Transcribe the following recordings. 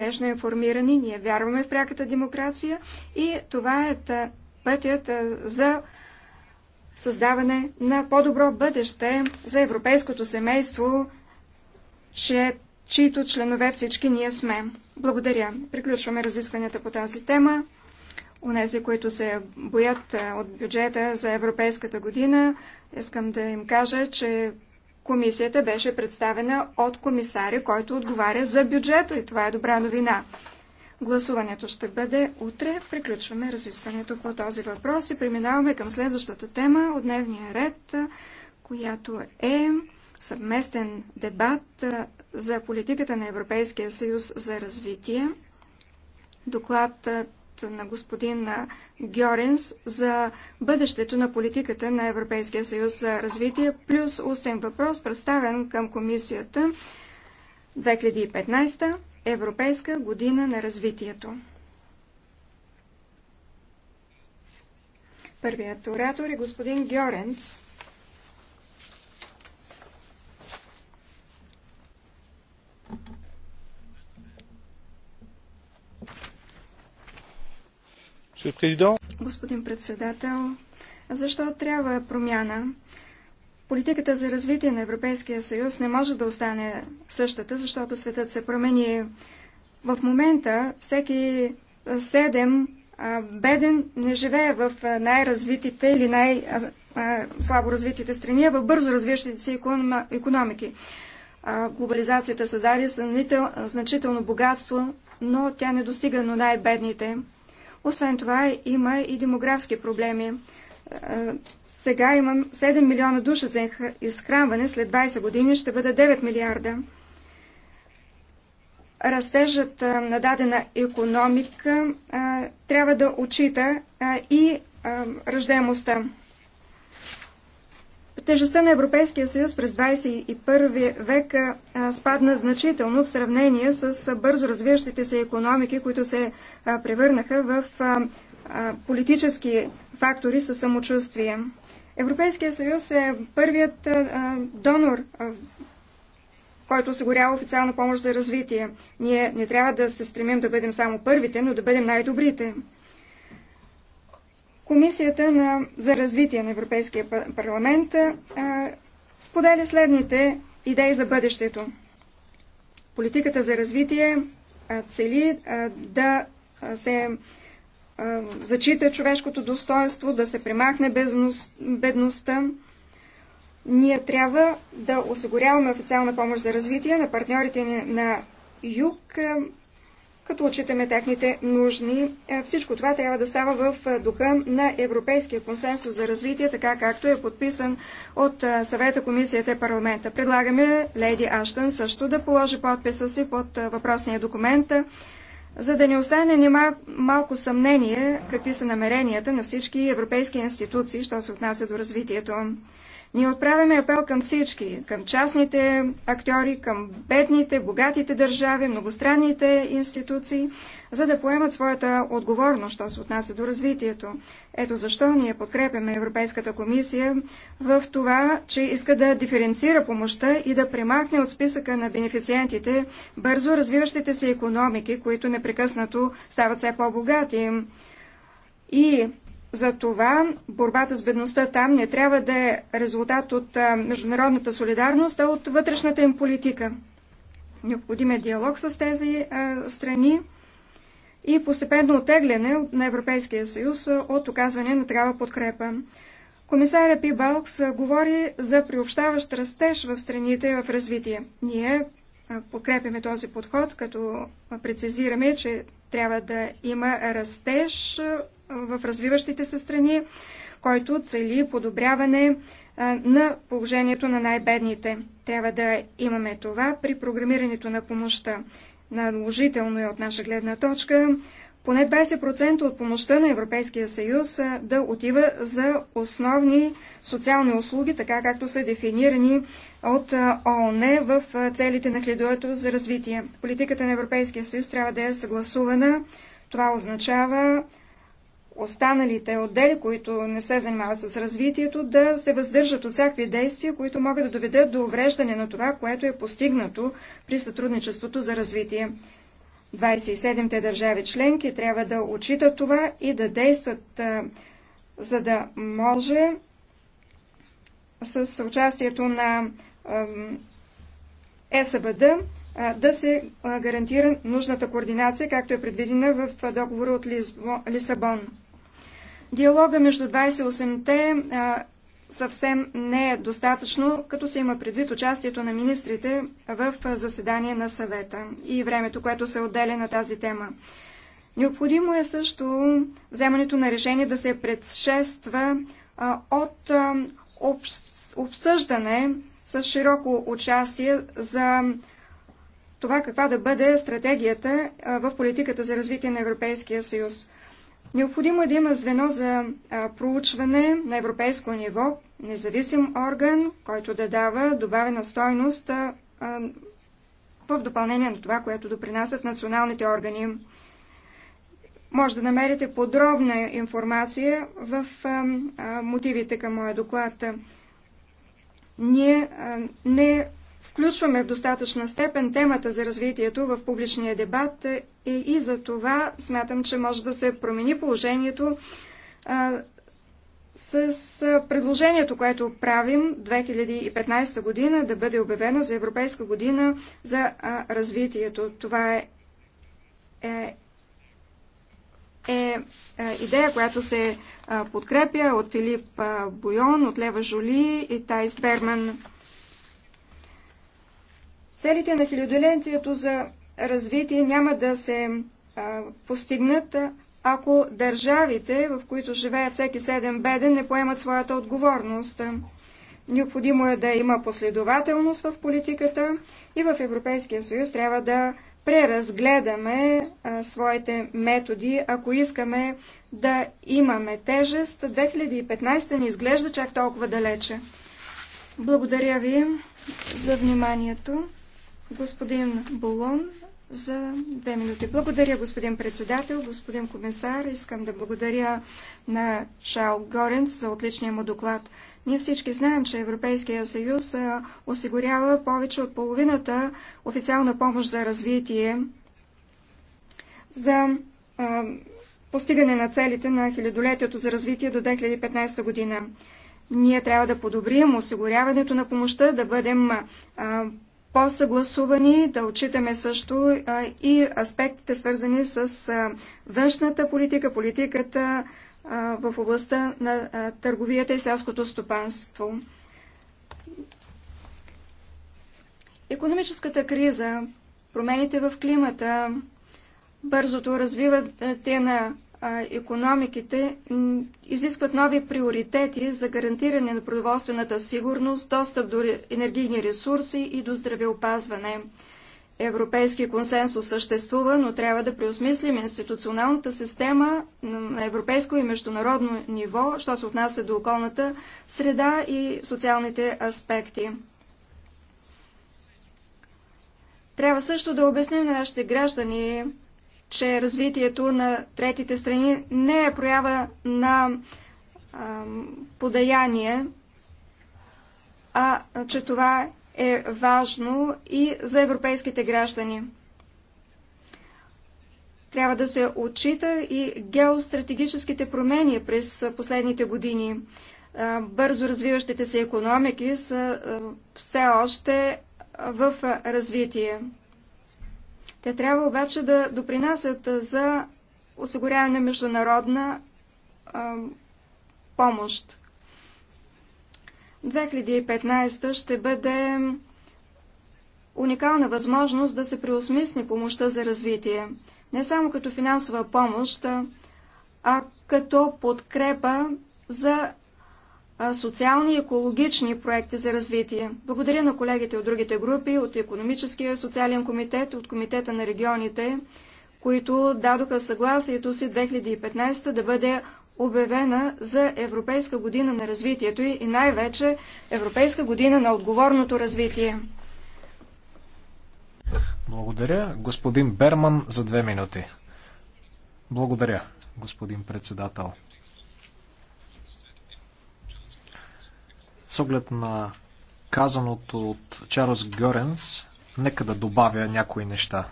успешно информирани, ние вярваме в пряката демокрация и това е пътят за създаване на по-добро бъдеще за европейското семейство, че, чието членове всички ние сме. Благодаря. Приключваме разискванията по тази тема. Унези, които се боят от бюджета за Европейската година, искам да им кажа, че Комисията беше представена от комисаря, който отговаря за бюджета и това е добра новина. Гласуването ще бъде утре. Приключваме разискването по този въпрос и преминаваме към следващата тема от дневния ред, която е съвместен дебат за политиката на Европейския съюз за развитие. Доклад на господин Георенс за бъдещето на политиката на Европейския съюз за развитие, плюс устен въпрос, представен към комисията 2015 Европейска година на развитието. Първият оратор е господин Гьоренц. Господин председател, защо трябва промяна? Политиката за развитие на Европейския съюз не може да остане същата, защото светът се промени. В момента всеки седем беден не живее в най-развитите или най-слабо развитите страни, а в бързо развиващите си економики. Глобализацията създаде значително богатство, но тя не достига до най-бедните. Освен това има и демографски проблеми. Е, сега имам 7 милиона души за изхранване, след 20 години ще бъде 9 милиарда. Растежът е, на дадена економика е, трябва да отчита и ръждаемостта. Тежестта на Европейския съюз през 21 век спадна значително в сравнение с бързо развиващите се економики, които се превърнаха в политически фактори със самочувствие. Европейския съюз е първият донор, който осигурява официална помощ за развитие. Ние не трябва да се стремим да бъдем само първите, но да бъдем най-добрите. Комисията на, за развитие на Европейския парламент а, споделя следните идеи за бъдещето. Политиката за развитие а, цели а, да се а, зачита човешкото достоинство, да се премахне безност, бедността. Ние трябва да осигуряваме официална помощ за развитие на партньорите ни на юг, като отчитаме техните нужни. Е, всичко това трябва да става в е, духа на Европейския консенсус за развитие, така както е подписан от е, съвета, комисията и парламента. Предлагаме Леди Аштън също да положи подписа си под въпросния документ, за да не остане ни малко съмнение какви са намеренията на всички европейски институции, що се отнася до развитието. Ние отправяме апел към всички, към частните актьори, към бедните, богатите държави, многостранните институции, за да поемат своята отговорност, що се отнася до развитието. Ето защо ние подкрепяме Европейската комисия в това, че иска да диференцира помощта и да премахне от списъка на бенефициентите бързо развиващите се економики, които непрекъснато стават все по-богати. И затова борбата с бедността там не трябва да е резултат от международната солидарност, а от вътрешната им политика. Необходим е диалог с тези страни и постепенно отегляне на Европейския съюз от оказване на такава подкрепа. Комисаря Пи Балкс говори за приобщаващ растеж в страните в развитие. Ние подкрепяме този подход, като прецизираме, че трябва да има растеж в развиващите се страни, който цели подобряване на положението на най-бедните. Трябва да имаме това при програмирането на помощта. Наложително е от наша гледна точка поне 20% от помощта на Европейския съюз да отива за основни социални услуги, така както са дефинирани от ООН в целите на хледуето за развитие. Политиката на Европейския съюз трябва да е съгласувана. Това означава останалите отдели, които не се занимават с развитието, да се въздържат от всякакви действия, които могат да доведат до увреждане на това, което е постигнато при сътрудничеството за развитие. 27-те държави членки трябва да отчитат това и да действат, за да може с участието на ЕСБД да се гарантира нужната координация, както е предвидена в договора от Лисабон. Диалога между 28-те съвсем не е достатъчно, като се има предвид участието на министрите в заседание на съвета и времето, което се отделя на тази тема. Необходимо е също вземането на решение да се предшества от обсъждане с широко участие за това каква да бъде стратегията в политиката за развитие на Европейския съюз. Необходимо е да има звено за проучване на европейско ниво, независим орган, който да дава добавена стойност в допълнение на това, което допринасят националните органи. Може да намерите подробна информация в мотивите към моя доклад. Ние не включваме в достатъчна степен темата за развитието в публичния дебат и, и за това смятам, че може да се промени положението а, с предложението, което правим 2015 година да бъде обявена за Европейска година за а, развитието. Това е, е, е, е идея, която се подкрепя от Филип Бойон, от Лева Жоли и Тайс Берман. Целите на хилядолетието за развитие няма да се а, постигнат, ако държавите, в които живее всеки седем беден, не поемат своята отговорност. Необходимо е да има последователност в политиката и в Европейския съюз трябва да преразгледаме а, своите методи, ако искаме да имаме тежест. 2015 ни изглежда чак толкова далече. Благодаря ви за вниманието. Господин Болон за две минути. Благодаря, господин председател, господин комисар. Искам да благодаря на Шал Горенц за отличния му доклад. Ние всички знаем, че Европейския съюз осигурява повече от половината официална помощ за развитие за а, постигане на целите на хилядолетието за развитие до 2015 година. Ние трябва да подобрим осигуряването на помощта, да бъдем а, по-съгласувани, да отчитаме също и аспектите свързани с външната политика, политиката в областта на търговията и селското стопанство. Економическата криза, промените в климата, бързото развиване на економиките изискват нови приоритети за гарантиране на продоволствената сигурност, достъп до енергийни ресурси и до здравеопазване. Европейски консенсус съществува, но трябва да преосмислим институционалната система на европейско и международно ниво, що се отнася до околната среда и социалните аспекти. Трябва също да обясним на нашите граждани че развитието на третите страни не е проява на а, подаяние, а че това е важно и за европейските граждани. Трябва да се отчита и геостратегическите промени през последните години. Бързо развиващите се економики са все още в развитие. Те трябва обаче да допринасят за осигуряване на международна а, помощ. 2015 ще бъде уникална възможност да се преосмисли помощта за развитие, не само като финансова помощ, а като подкрепа за социални и екологични проекти за развитие. Благодаря на колегите от другите групи, от Економическия социален комитет, от Комитета на регионите, които дадоха съгласието си 2015 да бъде обявена за Европейска година на развитието и най-вече Европейска година на отговорното развитие. Благодаря. Господин Берман за две минути. Благодаря, господин председател. С оглед на казаното от Чарлз Гьоренс, нека да добавя някои неща.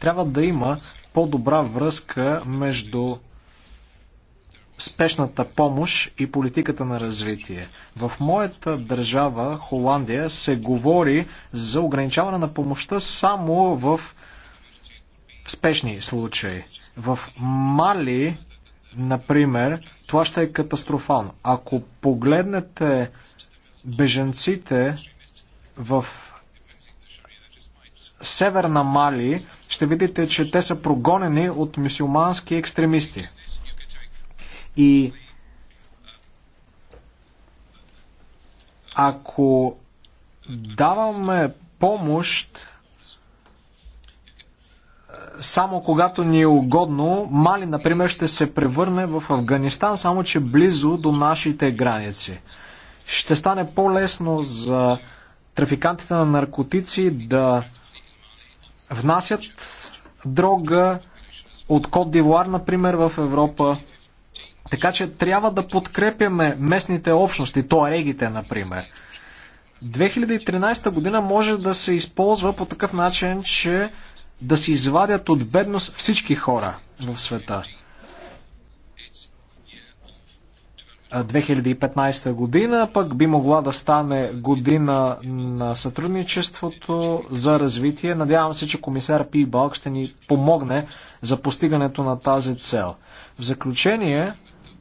Трябва да има по-добра връзка между спешната помощ и политиката на развитие. В моята държава, Холандия, се говори за ограничаване на помощта само в спешни случаи. В Мали Например, това ще е катастрофално. Ако погледнете беженците в северна Мали, ще видите, че те са прогонени от мусулмански екстремисти. И ако даваме помощ само когато ни е угодно. Мали, например, ще се превърне в Афганистан, само че близо до нашите граници. Ще стане по-лесно за трафикантите на наркотици да внасят дрога от Кот Дивуар, например, в Европа. Така че трябва да подкрепяме местните общности, тоарегите, например. 2013 година може да се използва по такъв начин, че да си извадят от бедност всички хора в света. 2015 година, пък би могла да стане година на сътрудничеството за развитие. Надявам се, че комисар Пи Балк ще ни помогне за постигането на тази цел. В заключение,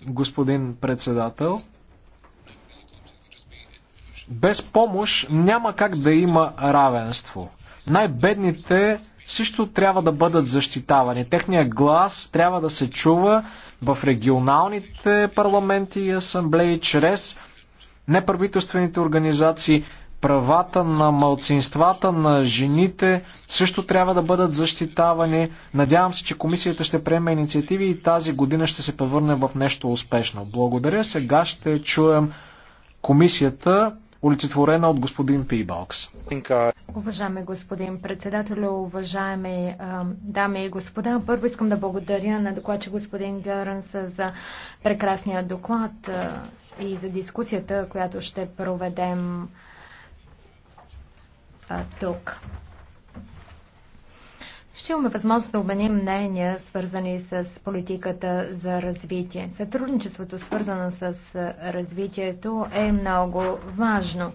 господин председател, без помощ няма как да има равенство. Най-бедните също трябва да бъдат защитавани. Техният глас трябва да се чува в регионалните парламенти и асамблеи чрез неправителствените организации. Правата на малцинствата, на жените също трябва да бъдат защитавани. Надявам се, че комисията ще приеме инициативи и тази година ще се превърне в нещо успешно. Благодаря. Сега ще чуем комисията олицетворена от господин Пибокс. Уважаеми господин председател, уважаеми дами и господа, първо искам да благодаря на докладче господин Гърнс за прекрасния доклад и за дискусията, която ще проведем тук ще имаме възможност да обменим мнения, свързани с политиката за развитие. Сътрудничеството, свързано с развитието, е много важно,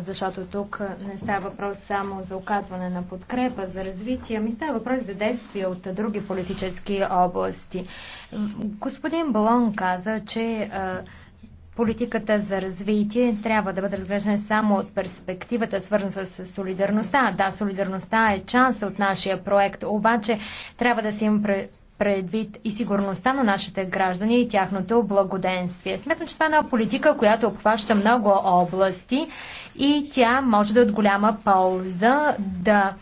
защото тук не става въпрос само за оказване на подкрепа за развитие, ми става въпрос за действия от други политически области. Господин Балон каза, че Политиката за развитие трябва да бъде разглеждана само от перспективата, свързана с солидарността. Да, солидарността е част от нашия проект, обаче трябва да си им предвид и сигурността на нашите граждани и тяхното благоденствие. Сметно, че това е една политика, която обхваща много области и тя може да е от голяма полза да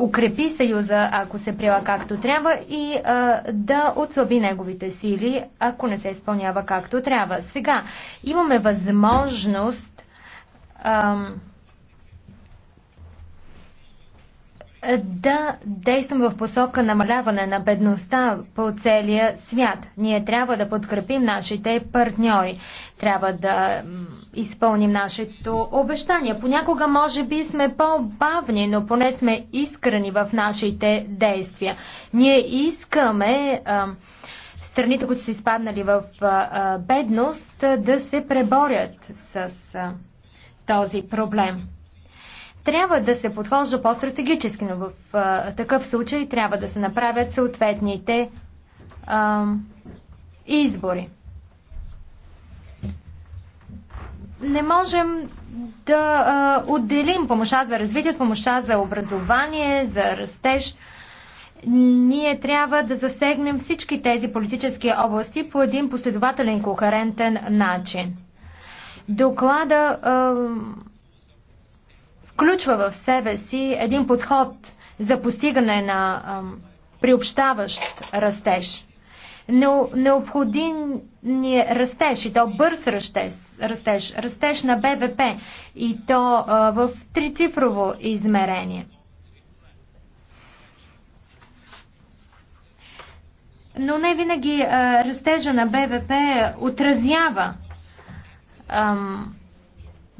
укрепи Съюза, ако се приела както трябва, и а, да отслаби неговите сили, ако не се изпълнява както трябва. Сега имаме възможност. А, да действам в посока намаляване на бедността по целия свят. Ние трябва да подкрепим нашите партньори. Трябва да изпълним нашето обещание. Понякога може би сме по-бавни, но поне сме искрени в нашите действия. Ние искаме страните, които са изпаднали в бедност, да се преборят с този проблем. Трябва да се подхожда по-стратегически, но в а, такъв случай трябва да се направят съответните а, избори. Не можем да а, отделим помощта за развитие, помощта за образование, за растеж ние трябва да засегнем всички тези политически области по един последователен, кохерентен начин. Доклада А, включва в себе си един подход за постигане на а, приобщаващ растеж. Но необходим ни е растеж и то бърз растеж, растеж, растеж на БВП и то а, в трицифрово измерение. Но не винаги а, растежа на БВП отразява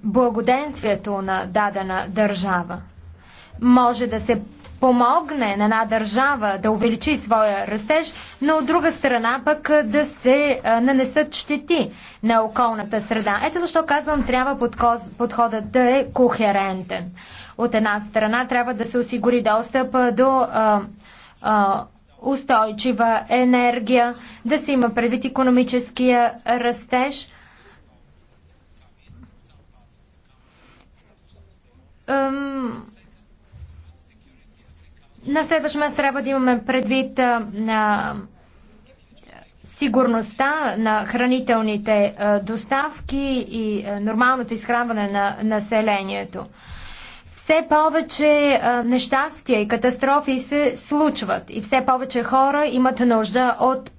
благоденствието на дадена държава. Може да се помогне на една държава да увеличи своя растеж, но от друга страна пък да се нанесат щети на околната среда. Ето защо казвам, трябва подходът да е кохерентен. От една страна трябва да се осигури достъп до а, а, устойчива енергия, да се има предвид економическия растеж – На следващ място трябва да имаме предвид на сигурността на хранителните доставки и нормалното изхранване на населението. Все повече а, нещастия и катастрофи се случват и все повече хора имат нужда от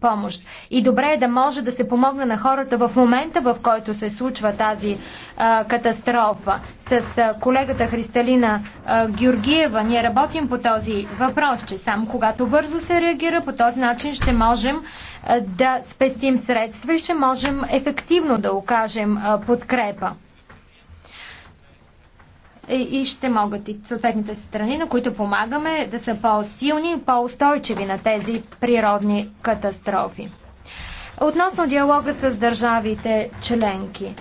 помощ. И добре е да може да се помогне на хората в момента, в който се случва тази а, катастрофа. С а, колегата Христалина а, Георгиева ние работим по този въпрос, че само когато бързо се реагира, по този начин ще можем а, да спестим средства и ще можем ефективно да окажем а, подкрепа. Е, и ще могат и съответните страни, на които помагаме, да са по-силни и по-устойчиви на тези природни катастрофи. Относно диалога с държавите членки.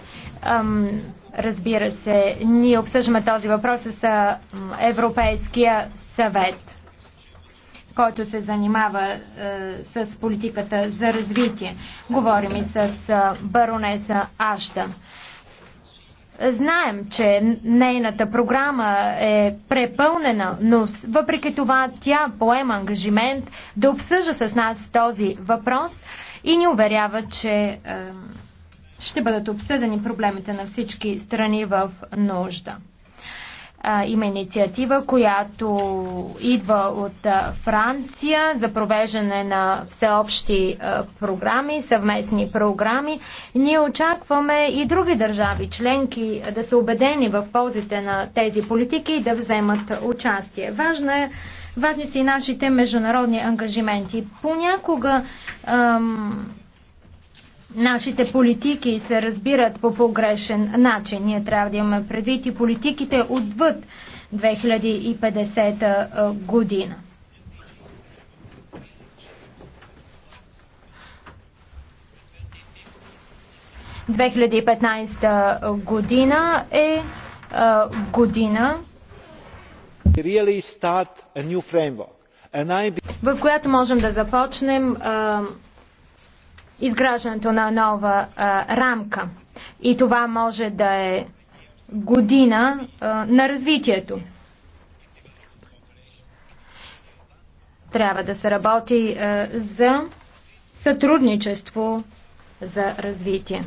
разбира се, ние обсъждаме този въпрос с Европейския съвет, който се занимава е, с политиката за развитие. Говорим и с баронеса Аштън. Знаем, че нейната програма е препълнена, но въпреки това тя поема ангажимент да обсъжда с нас този въпрос и ни уверява, че е, ще бъдат обсъдени проблемите на всички страни в нужда има инициатива, която идва от Франция за провеждане на всеобщи програми, съвместни програми. Ние очакваме и други държави членки да са убедени в ползите на тези политики и да вземат участие. Важно е Важни са и нашите международни ангажименти. Понякога ам, Нашите политики се разбират по погрешен начин. Ние трябва да имаме предвид и политиките отвъд 2050 година. – 2015 година е година, в която можем да започнем изграждането на нова а, рамка. И това може да е година а, на развитието. Трябва да се работи а, за сътрудничество за развитие.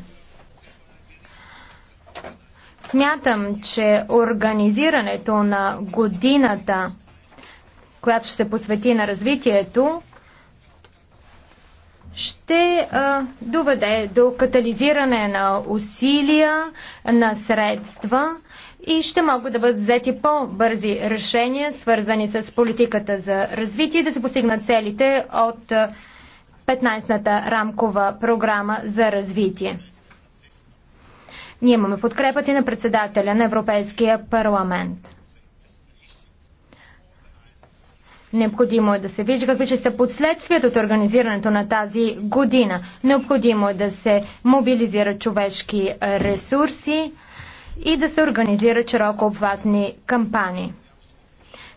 Смятам, че организирането на годината, която ще се посвети на развитието, ще а, доведе до катализиране на усилия, на средства и ще могат да бъдат взети по-бързи решения, свързани с политиката за развитие, да се постигнат целите от 15-та рамкова програма за развитие. Ние имаме подкрепата и на председателя на Европейския парламент. Необходимо е да се вижда какви ще са последствията от организирането на тази година. Необходимо е да се мобилизират човешки ресурси и да се организират широко обхватни кампании.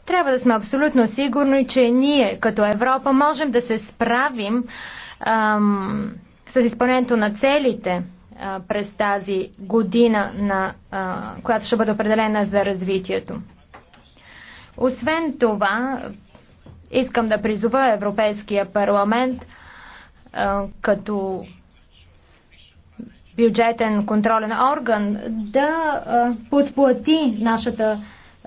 Трябва да сме абсолютно сигурни, че ние като Европа можем да се справим ам, с изпълнението на целите а, през тази година, на, а, която ще бъде определена за развитието. Освен това, Искам да призова Европейския парламент като бюджетен контролен орган да подплати нашата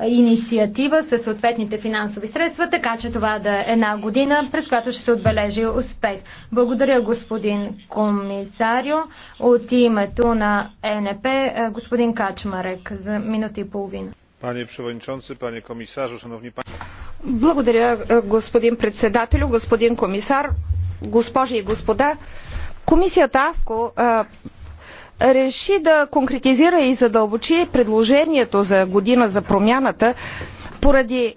инициатива със съответните финансови средства, така че това да е една година, през която ще се отбележи успех. Благодаря, господин комисарио. От името на ЕНП, господин Качмарек, за минута и половина. Пане przewodniczący, пане komisarzu, шановни пани. Благодаря, е, господин председател, господин комисар, госпожи и господа. Комисията АВКО а, е, реши да конкретизира и задълбочи предложението за година за промяната поради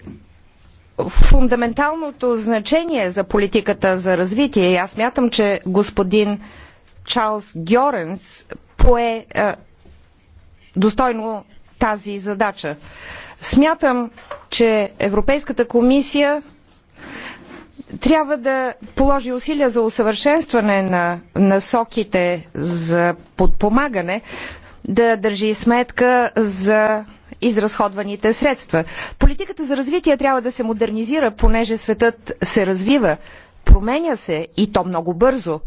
фундаменталното значение за политиката за развитие. И аз мятам, че господин Чарлз Гьоренс пое а, е, достойно тази задача. Смятам, че Европейската комисия трябва да положи усилия за усъвършенстване на насоките за подпомагане, да държи сметка за изразходваните средства. Политиката за развитие трябва да се модернизира, понеже светът се развива, променя се и то много бързо.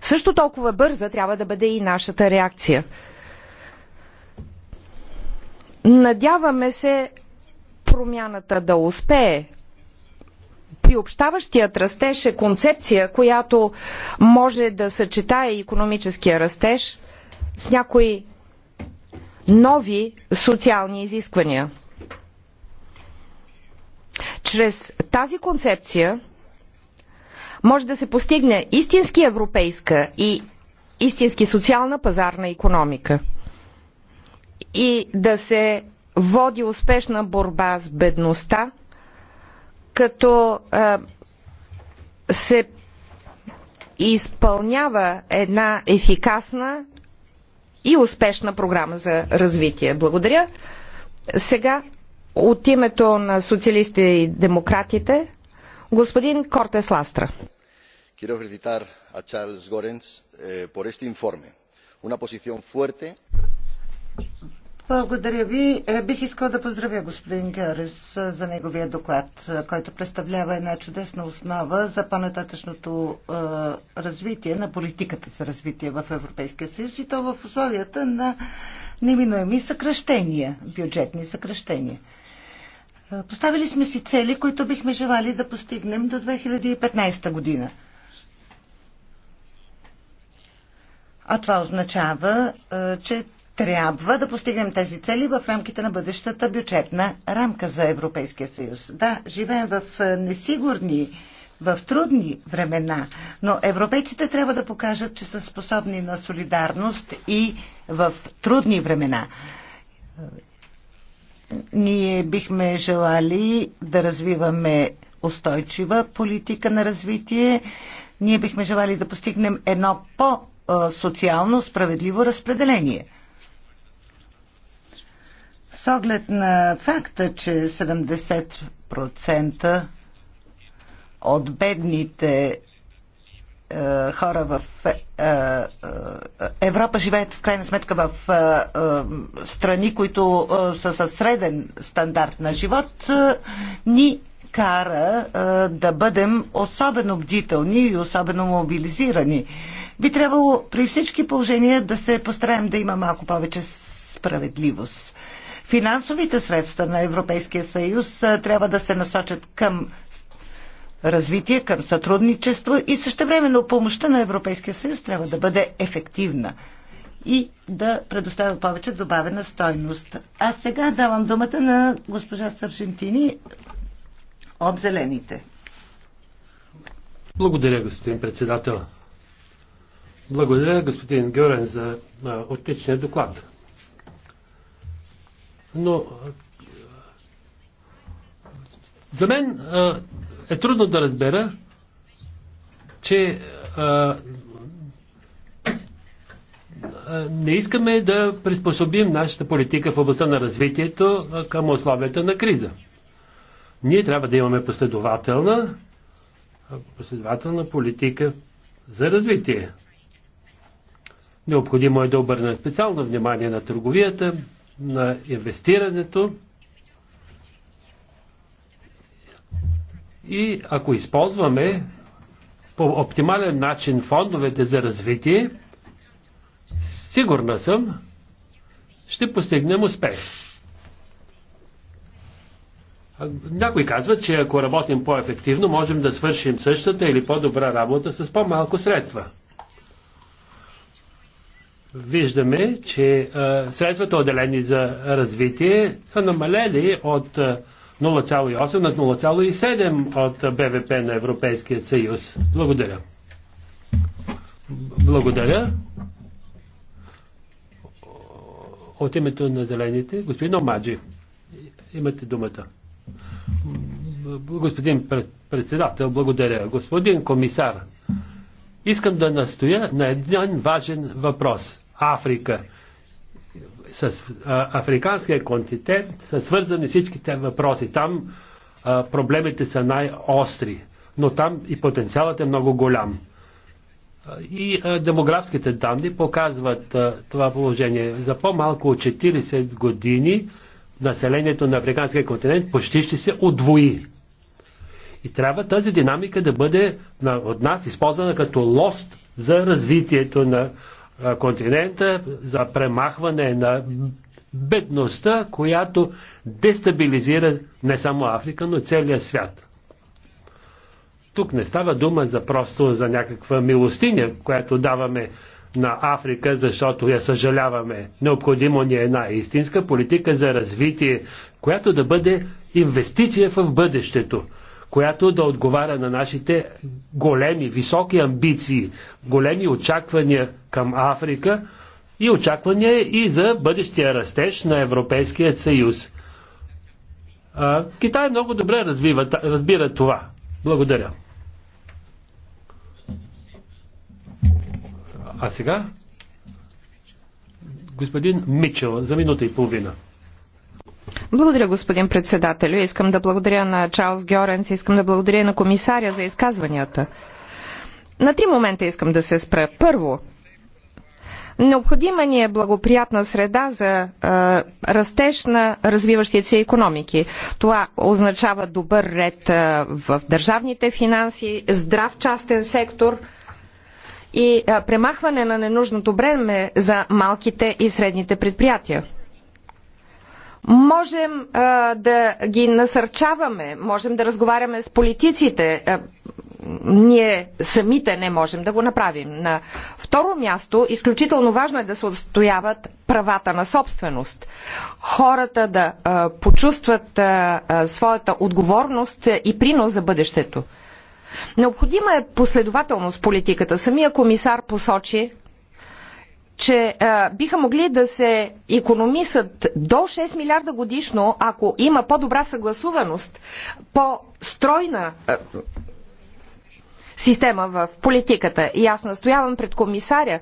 Също толкова бърза трябва да бъде и нашата реакция. Надяваме се промяната да успее. Приобщаващият растеж е концепция, която може да съчетае економическия растеж с някои нови социални изисквания. Чрез тази концепция може да се постигне истински европейска и истински социална пазарна економика и да се води успешна борба с бедността, като се изпълнява една ефикасна и успешна програма за развитие. Благодаря. Сега от името на социалистите и демократите, господин Кортес Ластра. Quiero felicitar a Charles Gorens eh, por este informe. Una posición fuerte. Благодаря ви. Е, бих искала да поздравя господин Герес е, за неговия доклад, е, който представлява една чудесна основа за по-нататъчното развитие на политиката за развитие в Европейския съюз и то в условията на неминуеми съкръщения, бюджетни съкръщения. Поставили сме си цели, които бихме желали да постигнем до 2015 година. А това означава, че трябва да постигнем тези цели в рамките на бъдещата бюджетна рамка за Европейския съюз. Да, живеем в е, несигурни, в трудни времена, но европейците трябва да покажат, че са способни на солидарност и в трудни времена. Е, ние бихме желали да развиваме устойчива политика на развитие. Ние бихме желали да постигнем едно по-социално е, справедливо разпределение с оглед на факта, че 70% от бедните е, хора в е, е, Европа живеят в крайна сметка в страни, които са със среден стандарт на живот, ни кара да бъдем особено бдителни и особено мобилизирани. Би трябвало при всички положения да се постараем да има малко повече справедливост. Финансовите средства на Европейския съюз трябва да се насочат към развитие, към сътрудничество и същевременно помощта на Европейския съюз трябва да бъде ефективна и да предоставя повече добавена стойност. А сега давам думата на госпожа Саржентини от Зелените. Благодаря, господин председател. Благодаря, господин Георен, за отличния доклад. Но за мен е трудно да разбера, че не искаме да приспособим нашата политика в областта на развитието към условията на криза. Ние трябва да имаме последователна, последователна политика за развитие. Необходимо е да обърнем специално внимание на търговията, на инвестирането и ако използваме по оптимален начин фондовете за развитие, сигурна съм, ще постигнем успех. Някой казва, че ако работим по-ефективно, можем да свършим същата или по-добра работа с по-малко средства виждаме, че средствата отделени за развитие са намалели от 0,8 на 0,7 от БВП на Европейския съюз. Благодаря. Благодаря. От името на зелените, господин Омаджи, имате думата. Господин председател, благодаря. Господин комисар, искам да настоя на един важен въпрос. Африка. С а, африканския континент са свързани всичките въпроси. Там а, проблемите са най-остри, но там и потенциалът е много голям. И а, демографските данни показват а, това положение. За по-малко от 40 години населението на африканския континент почти ще се удвои. И трябва тази динамика да бъде на, от нас използвана като лост за развитието на континента, за премахване на бедността, която дестабилизира не само Африка, но целия свят. Тук не става дума за просто за някаква милостиня, която даваме на Африка, защото я съжаляваме. Необходимо ни е една истинска политика за развитие, която да бъде инвестиция в бъдещето която да отговаря на нашите големи, високи амбиции, големи очаквания към Африка и очаквания и за бъдещия растеж на Европейския съюз. А, Китай много добре развива, разбира това. Благодаря. А сега господин Мичел за минута и половина. Благодаря, господин председателю. Искам да благодаря на Чарлз Гьоренс, искам да благодаря на комисаря за изказванията. На три момента искам да се спра. Първо, Необходима ни е благоприятна среда за а, растеж на развиващите се економики. Това означава добър ред а, в държавните финанси, здрав частен сектор и а, премахване на ненужното бреме за малките и средните предприятия. Можем а, да ги насърчаваме, можем да разговаряме с политиците. А, ние самите не можем да го направим. На второ място, изключително важно е да се отстояват правата на собственост. Хората да а, почувстват а, а, своята отговорност и принос за бъдещето. Необходима е последователност политиката. Самия комисар посочи, че а, биха могли да се економисат до 6 милиарда годишно, ако има по-добра съгласуваност, по-стройна система в политиката. И аз настоявам пред комисаря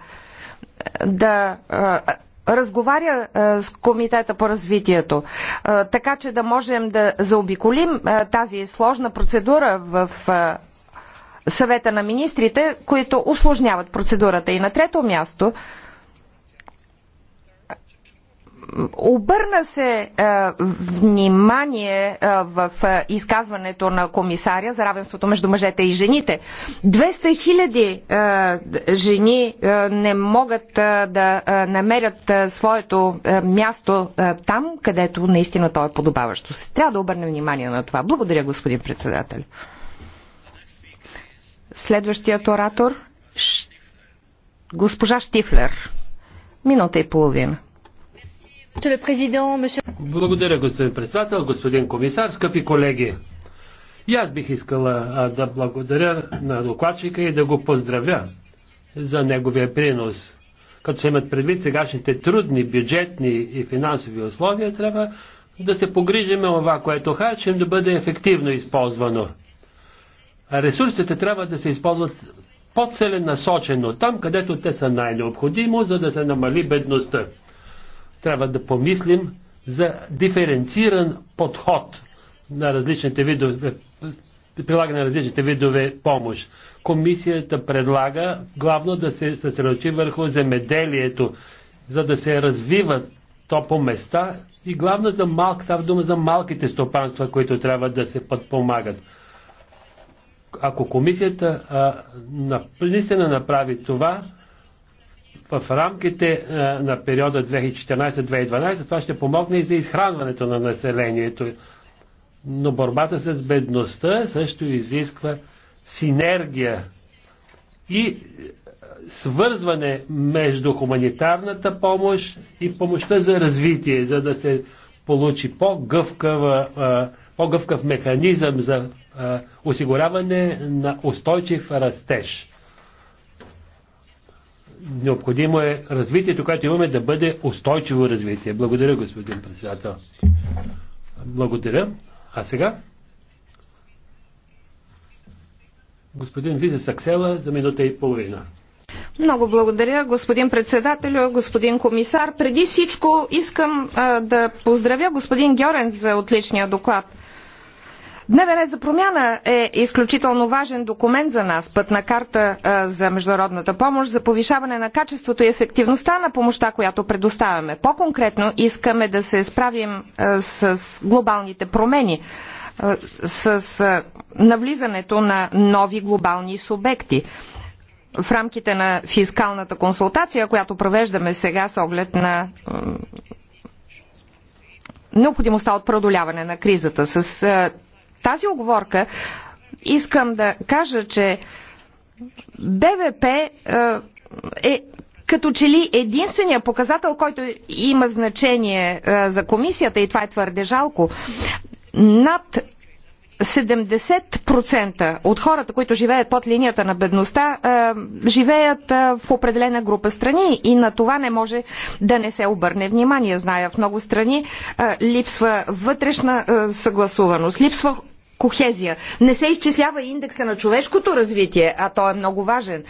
да а, разговаря а, с Комитета по развитието, а, така че да можем да заобиколим а, тази сложна процедура в. А, съвета на министрите, които усложняват процедурата. И на трето място, а, Обърна се а, е, внимание а, е, в а, е, изказването на комисаря за равенството между мъжете и жените. 200 хиляди жени а, не могат а, да а, намерят а, своето а, място а, там, където наистина то е подобаващо се. Трябва да обърнем внимание на това. Благодаря, господин председател. Следващият оратор госпожа Штифлер. Минута и половина. Благодаря, господин председател, господин комисар, скъпи колеги. И аз бих искала да благодаря на докладчика и да го поздравя за неговия принос. Като се имат предвид сегашните трудни бюджетни и финансови условия, трябва да се погрижиме това, което харчим, да бъде ефективно използвано. Ресурсите трябва да се използват по-целенасочено, там където те са най-необходимо, за да се намали бедността. Трябва да помислим за диференциран подход на различните видове, прилагане на различните видове помощ. Комисията предлага главно да се съсредоточи върху земеделието, за да се развива то по места и главно за малк, става дума за малките стопанства, които трябва да се подпомагат. Ако комисията а, наистина направи това, в рамките на периода 2014-2012 това ще помогне и за изхранването на населението. Но борбата с бедността също изисква синергия и свързване между хуманитарната помощ и помощта за развитие, за да се получи по-гъвкава, по-гъвкав механизъм за осигуряване на устойчив растеж необходимо е развитието, което имаме, да бъде устойчиво развитие. Благодаря, господин председател. Благодаря. А сега? Господин Виза Саксела за минута и половина. Много благодаря, господин председател, господин комисар. Преди всичко искам а, да поздравя господин Гьорен за отличния доклад. Дневен ред за промяна е изключително важен документ за нас, пътна карта за международната помощ, за повишаване на качеството и ефективността на помощта, която предоставяме. По-конкретно искаме да се справим с глобалните промени, с навлизането на нови глобални субекти в рамките на фискалната консултация, която провеждаме сега с оглед на необходимостта от преодоляване на кризата. С тази оговорка искам да кажа, че БВП е, е като че ли единствения показател, който има значение е, за комисията и това е твърде жалко. Над 70% от хората, които живеят под линията на бедността, е, живеят в определена група страни и на това не може да не се обърне внимание. Зная, в много страни липсва вътрешна съгласуваност, липсва кохезия. Не се изчислява индекса на човешкото развитие, а то е много важен.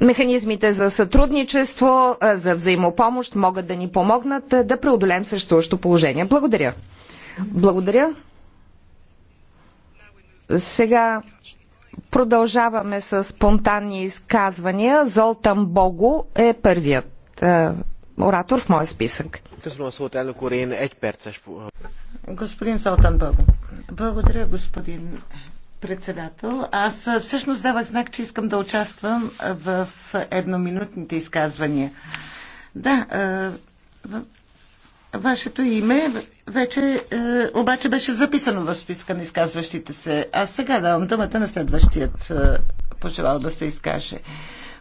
Механизмите за сътрудничество, за взаимопомощ могат да ни помогнат да преодолеем съществуващо положение. Благодаря. Благодаря. Сега продължаваме с спонтанни изказвания. Золтан Богу е първият оратор в моя списък. Господин Салтан Благодаря, господин председател. Аз всъщност давах знак, че искам да участвам в едноминутните изказвания. Да, вашето име вече обаче беше записано в списка на изказващите се. Аз сега давам думата на следващият пожелал да се изкаже.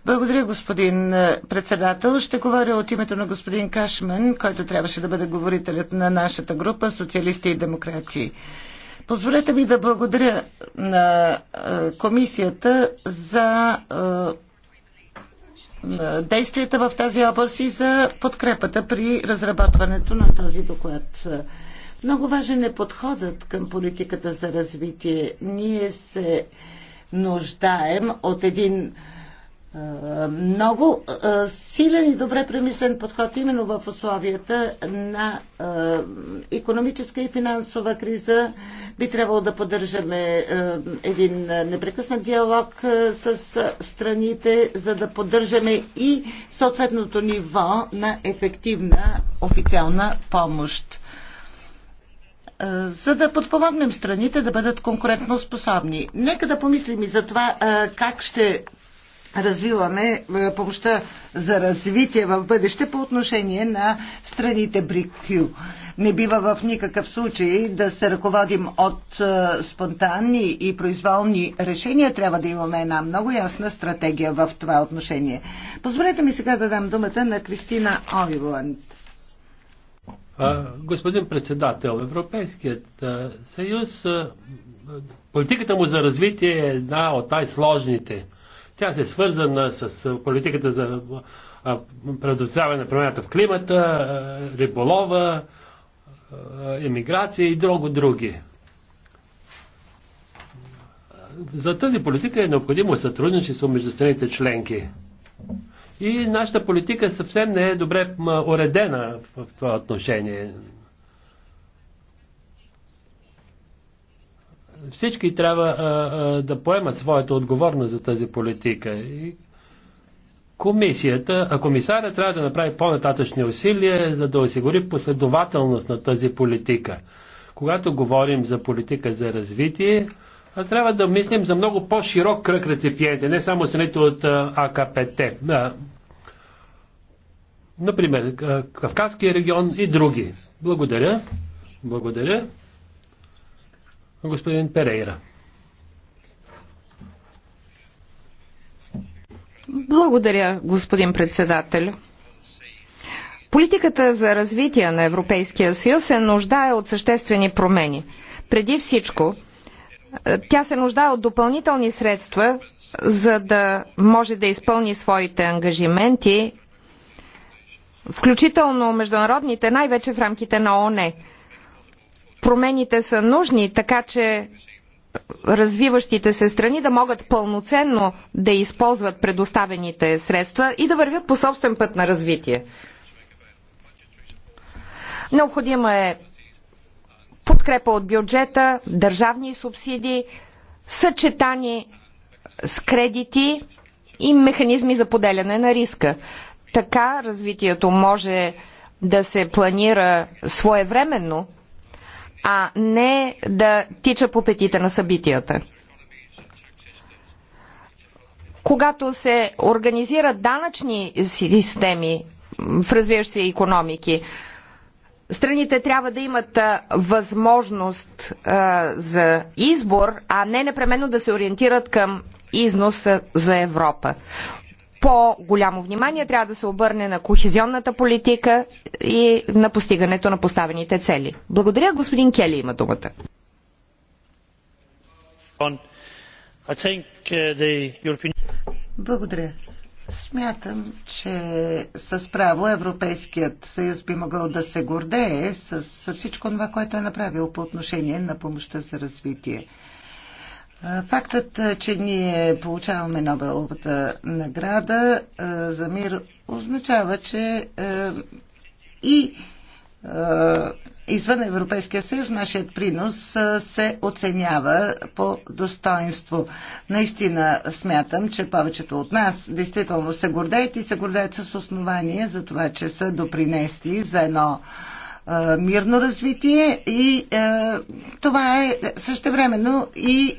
Благодаря, господин е, председател. Ще говоря от името на господин Кашман, който трябваше да бъде говорителят на нашата група Социалисти и демократи. Позволете ми да благодаря на е, комисията за е, действията в тази област и за подкрепата при разработването на този доклад. Много важен е подходът към политиката за развитие. Ние се нуждаем от един е, много е, силен и добре премислен подход именно в условията на економическа и финансова криза. Би трябвало да поддържаме е, един непрекъснат диалог с страните, за да поддържаме и съответното ниво на ефективна официална помощ за да подпомогнем страните да бъдат конкурентно способни. Нека да помислим и за това как ще развиваме е, помощта за развитие в бъдеще по отношение на страните БРИКЮ. Не бива в никакъв случай да се ръководим от е, спонтанни и произволни решения. Трябва да имаме една много ясна стратегия в това отношение. Позволете ми сега да дам думата на Кристина Ойланд. Господин председател, Европейският съюз, политиката му за развитие е една от най-сложните – тя се е свързана с политиката за предотвратяване на промената в климата, риболова, емиграция и друго други. За тази политика е необходимо сътрудничество между страните членки. И нашата политика съвсем не е добре уредена в това отношение. всички трябва а, а, да поемат своята отговорност за тази политика. И комисията, а комисаря трябва да направи по-нататъчни усилия, за да осигури последователност на тази политика. Когато говорим за политика за развитие, а трябва да мислим за много по-широк кръг реципиенти, не само страните от АКПТ. Например, Кавказския регион и други. Благодаря. Благодаря. Господин Перейра. Благодаря, господин председател. Политиката за развитие на Европейския съюз се нуждае от съществени промени. Преди всичко, тя се нуждае от допълнителни средства, за да може да изпълни своите ангажименти, включително международните, най-вече в рамките на ОНЕ промените са нужни, така че развиващите се страни да могат пълноценно да използват предоставените средства и да вървят по собствен път на развитие. Необходима е подкрепа от бюджета, държавни субсидии, съчетани с кредити и механизми за поделяне на риска. Така развитието може да се планира своевременно а не да тича по петите на събитията. Когато се организират данъчни системи в развиващи се економики, страните трябва да имат възможност а, за избор, а не непременно да се ориентират към износа за Европа по-голямо внимание трябва да се обърне на кохезионната политика и на постигането на поставените цели. Благодаря, господин Кели има думата. Uh, Благодаря. Смятам, че с право Европейският съюз би могъл да се гордее с всичко това, което е направил по отношение на помощта за развитие. Фактът, че ние получаваме Нобеловата награда за мир означава, че и извън Европейския съюз нашият принос се оценява по достоинство. Наистина смятам, че повечето от нас действително се гордеят и се гордеят с основание за това, че са допринесли за едно мирно развитие и това е същевременно и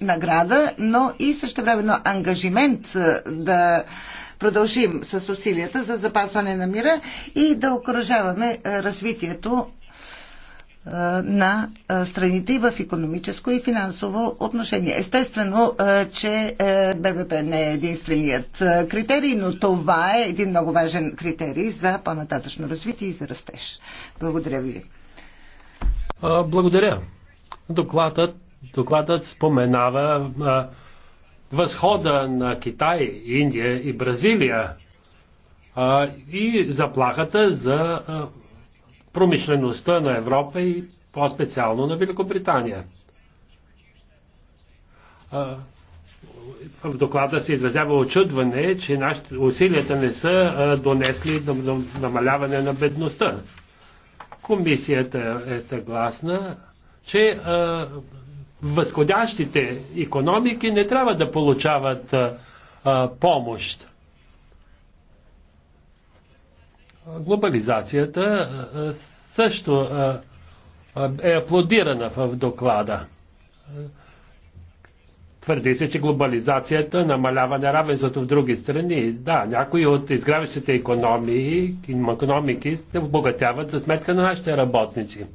награда, но и същевременно ангажимент да продължим с усилията за запазване на мира и да окоръжаваме развитието на страните и в економическо и финансово отношение. Естествено, че БВП не е единственият критерий, но това е един много важен критерий за по-нататъчно развитие и за растеж. Благодаря ви. Благодаря. Докладът, докладът споменава възхода на Китай, Индия и Бразилия и заплахата за промишлеността на Европа и по-специално на Великобритания. В доклада се изразява очудване, че нашите усилията не са донесли до намаляване на бедността. Комисията е съгласна, че възходящите економики не трябва да получават помощ. Глобализацията също е аплодирана в доклада. Твърди се, че глобализацията намалява неравенството в други страни. Да, някои от изгравящите економии, економики се обогатяват за сметка на нашите работници.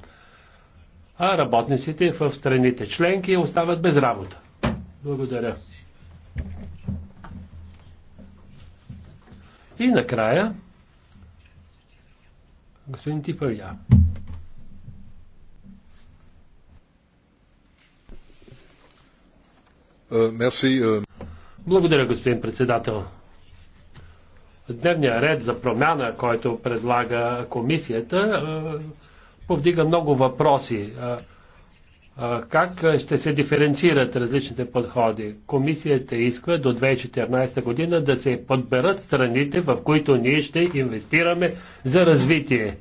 А работниците в страните членки остават без работа. Благодаря. И накрая. Господин Типавия. Е, е. Благодаря, господин председател. Дневният ред за промяна, който предлага комисията, е, повдига много въпроси. Как ще се диференцират различните подходи? Комисията иска до 2014 година да се подберат страните, в които ние ще инвестираме за развитие.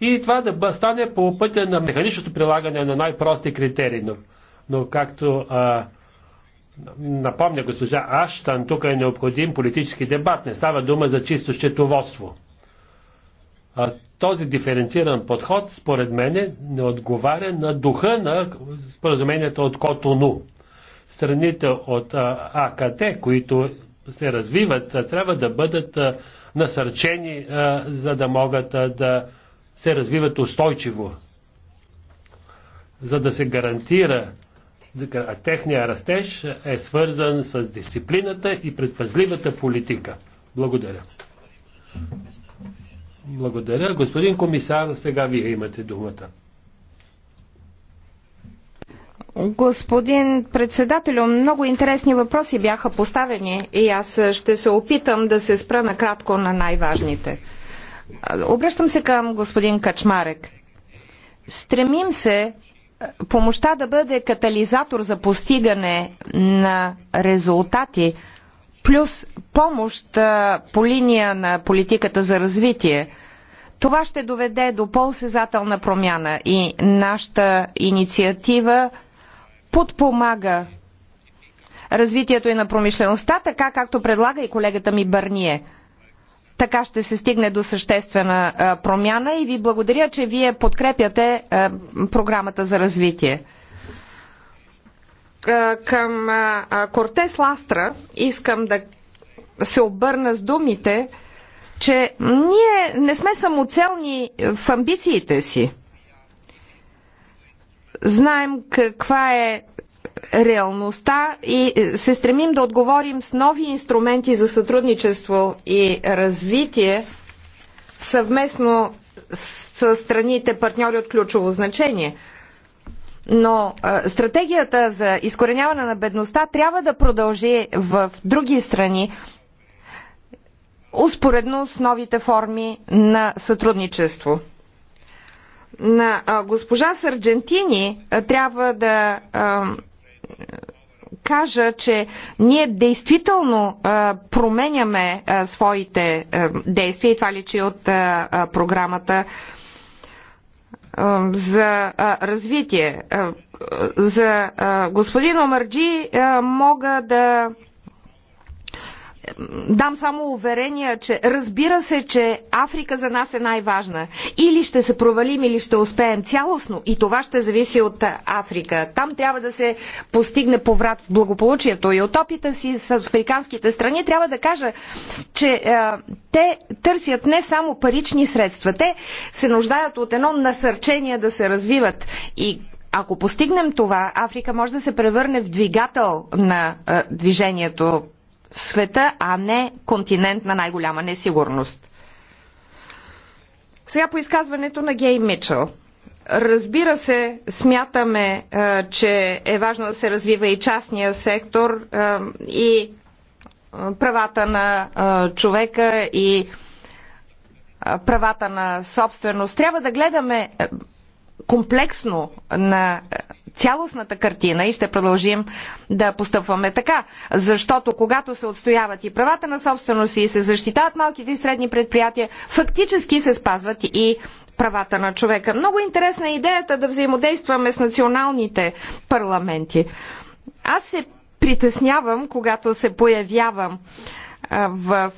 И това да стане по пътя на механичното прилагане на най-прости критерии. Но, но както а, напомня госпожа Аштан, тук е необходим политически дебат. Не става дума за чисто счетоводство. А, този диференциран подход, според мен, не отговаря на духа на споразумението от Котону. Страните от а, АКТ, които се развиват, а, трябва да бъдат а, насърчени, а, за да могат а, да се развиват устойчиво. За да се гарантира а техния растеж е свързан с дисциплината и предпазливата политика. Благодаря. Благодаря. Господин комисар, сега вие имате думата. Господин председател, много интересни въпроси бяха поставени и аз ще се опитам да се спра накратко на най-важните. Обръщам се към господин Качмарек. Стремим се е, помощта да бъде катализатор за постигане на резултати, плюс помощ по линия на политиката за развитие, това ще доведе до по-осезателна промяна и нашата инициатива подпомага развитието и на промишлеността, така както предлага и колегата ми Бърние. Така ще се стигне до съществена промяна и ви благодаря, че вие подкрепяте програмата за развитие към Кортес Ластра искам да се обърна с думите, че ние не сме самоцелни в амбициите си. Знаем каква е реалността и се стремим да отговорим с нови инструменти за сътрудничество и развитие съвместно с страните партньори от ключово значение – но а, стратегията за изкореняване на бедността трябва да продължи в други страни, успоредно с новите форми на сътрудничество. На а, госпожа Сарджентини трябва да а, кажа, че ние действително а, променяме а, своите а, действия и това личи от а, а, програмата а, за развитие. За господин Омарджи мога да дам само уверение, че разбира се, че Африка за нас е най-важна. Или ще се провалим, или ще успеем цялостно. И това ще зависи от Африка. Там трябва да се постигне поврат в благополучието. И от опита си с африканските страни трябва да кажа, че е, те търсят не само парични средства. Те се нуждаят от едно насърчение да се развиват. И ако постигнем това, Африка може да се превърне в двигател на е, движението в света, а не континент на най-голяма несигурност. Сега по изказването на Гей Мичел. Разбира се, смятаме, е, че е важно да се развива и частния сектор е, и е, правата на човека и правата на собственост. Трябва да гледаме комплексно на цялостната картина и ще продължим да постъпваме така. Защото когато се отстояват и правата на собственост и се защитават малките и средни предприятия, фактически се спазват и правата на човека. Много интересна е идеята да взаимодействаме с националните парламенти. Аз се притеснявам, когато се появявам в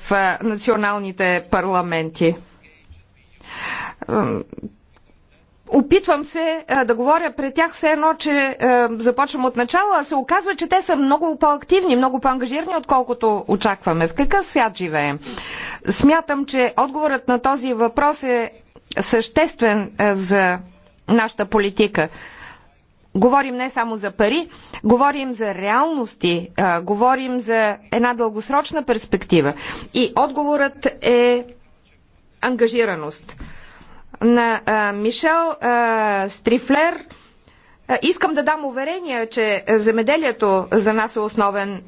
националните парламенти опитвам се а, да говоря пред тях все едно, че а, започвам от начало, а се оказва, че те са много по-активни, много по-ангажирани, отколкото очакваме. В какъв свят живеем? Смятам, че отговорът на този въпрос е съществен а, за нашата политика. Говорим не само за пари, говорим за реалности, а, говорим за една дългосрочна перспектива. И отговорът е ангажираност на Мишел Стрифлер. Искам да дам уверение, че земеделието за нас е основен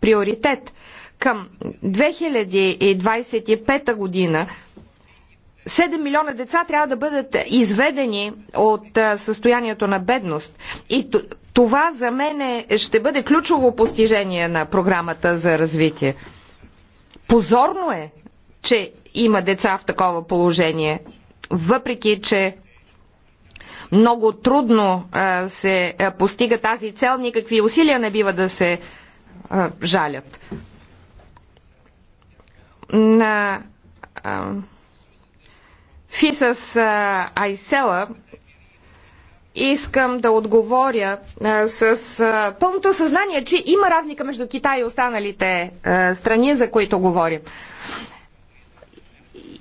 приоритет. Към 2025 година 7 милиона деца трябва да бъдат изведени от състоянието на бедност. И това за мен е, ще бъде ключово постижение на програмата за развитие. Позорно е, че има деца в такова положение въпреки че много трудно се постига тази цел, никакви усилия не бива да се жалят. На Фисас Айсела искам да отговоря с пълното съзнание, че има разлика между Китай и останалите страни, за които говорим.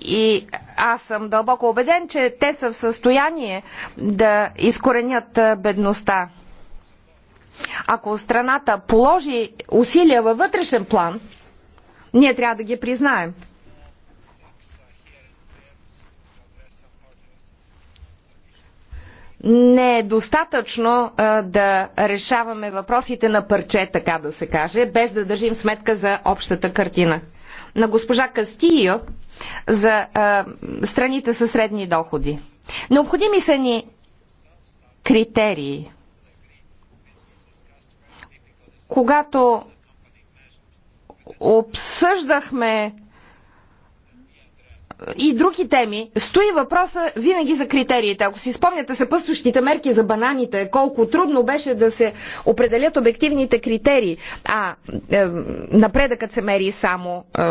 И аз съм дълбоко убеден, че те са в състояние да изкоренят бедността. Ако страната положи усилия във вътрешен план, ние трябва да ги признаем. не е достатъчно а, да решаваме въпросите на парче, така да се каже, без да държим сметка за общата картина. На госпожа Кастио за а, страните със средни доходи. Необходими са ни критерии. Когато обсъждахме и други теми, стои въпроса винаги за критериите. Ако си спомняте съпътстващите мерки за бананите, колко трудно беше да се определят обективните критерии, а е, напредъкът се мери само е,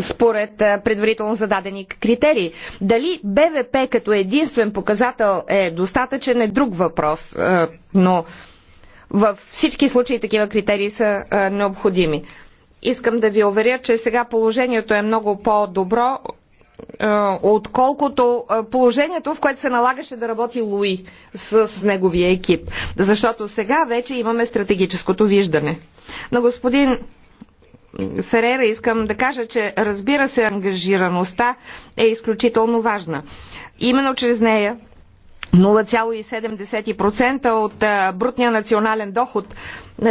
според предварително зададени критерии. Дали БВП като единствен показател е достатъчен е друг въпрос, е, но във всички случаи такива критерии са е, необходими. Искам да ви уверя, че сега положението е много по-добро отколкото положението, в което се налагаше да работи Луи с неговия екип. Защото сега вече имаме стратегическото виждане. На господин Ферера искам да кажа, че разбира се, ангажираността е изключително важна. Именно чрез нея 0,7% от брутния национален доход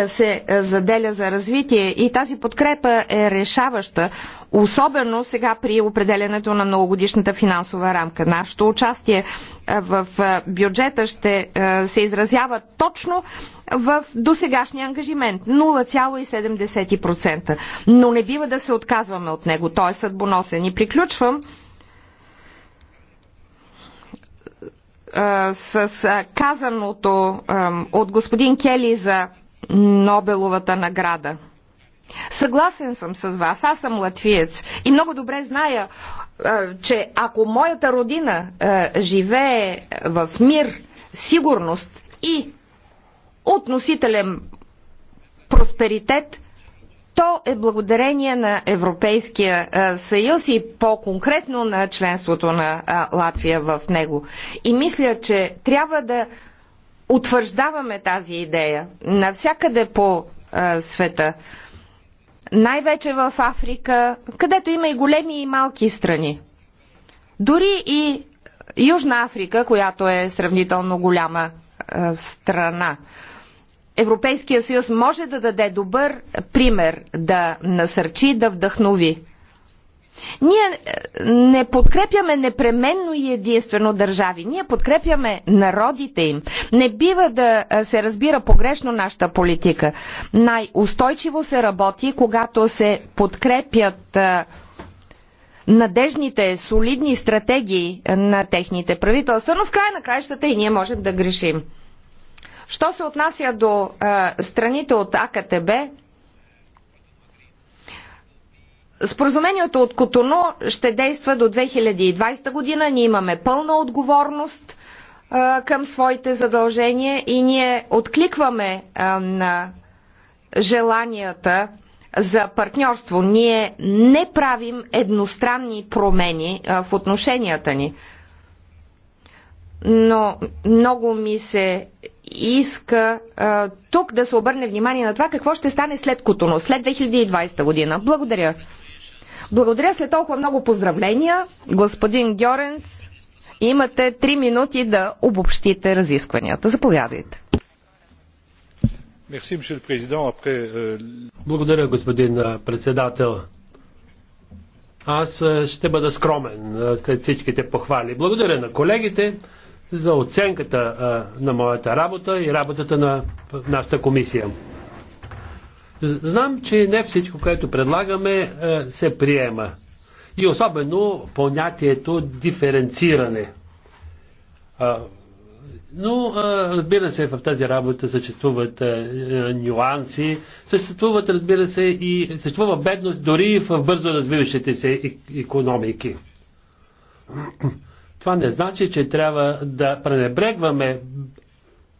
се заделя за развитие и тази подкрепа е решаваща, особено сега при определенето на многогодишната финансова рамка. Нашето участие в бюджета ще се изразява точно в досегашния ангажимент 0,7%. Но не бива да се отказваме от него. Той е съдбоносен. И приключвам с казаното от господин Кели за Нобеловата награда. Съгласен съм с вас. Аз съм латвиец и много добре зная, че ако моята родина живее в мир, сигурност и относителен просперитет, то е благодарение на Европейския съюз и по-конкретно на членството на Латвия в него. И мисля, че трябва да утвърждаваме тази идея навсякъде по света. Най-вече в Африка, където има и големи и малки страни. Дори и Южна Африка, която е сравнително голяма страна. Европейския съюз може да даде добър пример, да насърчи, да вдъхнови. Ние е, не подкрепяме непременно и единствено държави. Ние подкрепяме народите им. Не бива да е, се разбира погрешно нашата политика. Най-устойчиво се работи, когато се подкрепят е, надежните, солидни стратегии на техните правителства, но в край на краищата и ние можем да грешим. Що се отнася до е, страните от АКТБ, Споразумението от Котоно ще действа до 2020 година. Ние имаме пълна отговорност е, към своите задължения и ние откликваме е, на желанията за партньорство. Ние не правим едностранни промени а, е, в отношенията ни. Но много ми се иска а, тук да се обърне внимание на това какво ще стане след Кутуно, след 2020 година. Благодаря. Благодаря след толкова много поздравления. Господин Гьоренс, имате 3 минути да обобщите разискванията. Заповядайте. Euh, Благодаря, господин председател. Аз ще бъда скромен след всичките похвали. Благодаря на колегите за оценката на моята работа и работата на нашата комисия. Знам, че не всичко, което предлагаме, е, се приема. И особено понятието диференциране. но, разбира се, в тази работа съществуват е, е, нюанси, съществуват, разбира се, и съществува бедност дори в бързо развиващите се економики. Това не значи, че трябва да пренебрегваме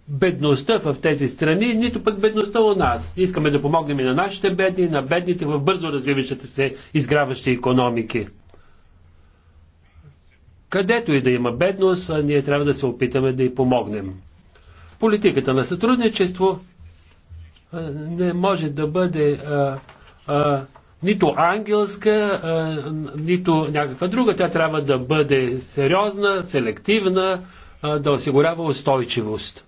бедността в тези страни, нито пък бедността у нас. Искаме да помогнем и на нашите бедни, и на бедните в бързо развиващите се изграващи економики. Където и да има бедност, ние трябва да се опитаме да й помогнем. Политиката на сътрудничество не може да бъде а, а, нито ангелска, нито някаква друга. Тя трябва да бъде сериозна, селективна, да осигурява устойчивост.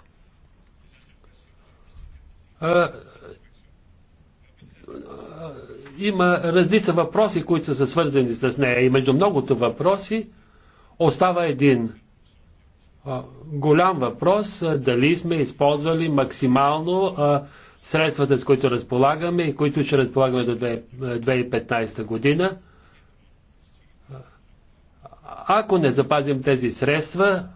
Има различни въпроси, които са свързани с нея. И между многото въпроси остава един голям въпрос дали сме използвали максимално средствата, с които разполагаме и които ще разполагаме до 2015 година, ако не запазим тези средства,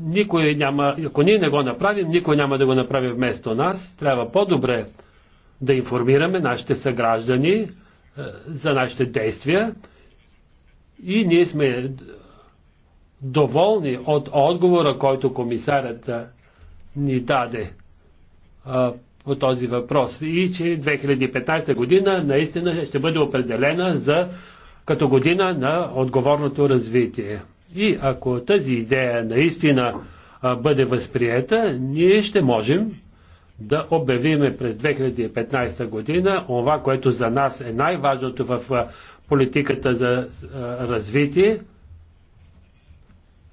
никой няма, ако ние не го направим, никой няма да го направи вместо нас. Трябва по-добре да информираме нашите съграждани е, за нашите действия и ние сме доволни от отговора, който комисарят е, ни даде по този въпрос и че 2015 година наистина ще бъде определена за като година на отговорното развитие. И ако тази идея наистина бъде възприета, ние ще можем да обявиме през 2015 година това, което за нас е най-важното в политиката за развитие.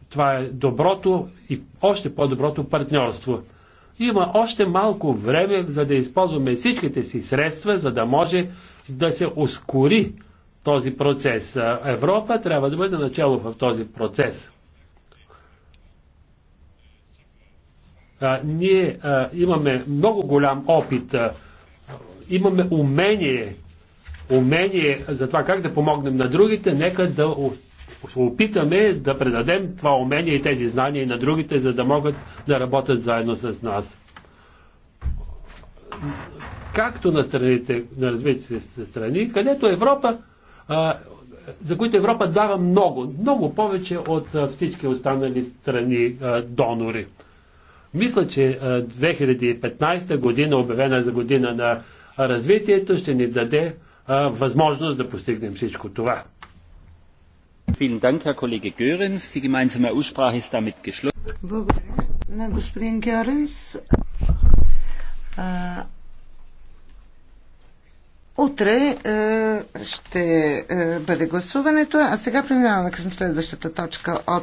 Това е доброто и още по-доброто партньорство. Има още малко време, за да използваме всичките си средства, за да може да се ускори този процес. Европа трябва да бъде начало в този процес. А, ние а, имаме много голям опит, а, имаме умение, умение за това как да помогнем на другите, нека да опитаме да предадем това умение и тези знания и на другите, за да могат да работят заедно с нас. Както на страните, на развитите страни, където Европа, за които Европа дава много, много повече от всички останали страни донори. Мисля, че 2015 година, обявена за година на развитието, ще ни даде възможност да постигнем всичко това. Благодаря на господин Геренс. Утре е, ще е, бъде гласуването, а сега преминаваме към следващата точка от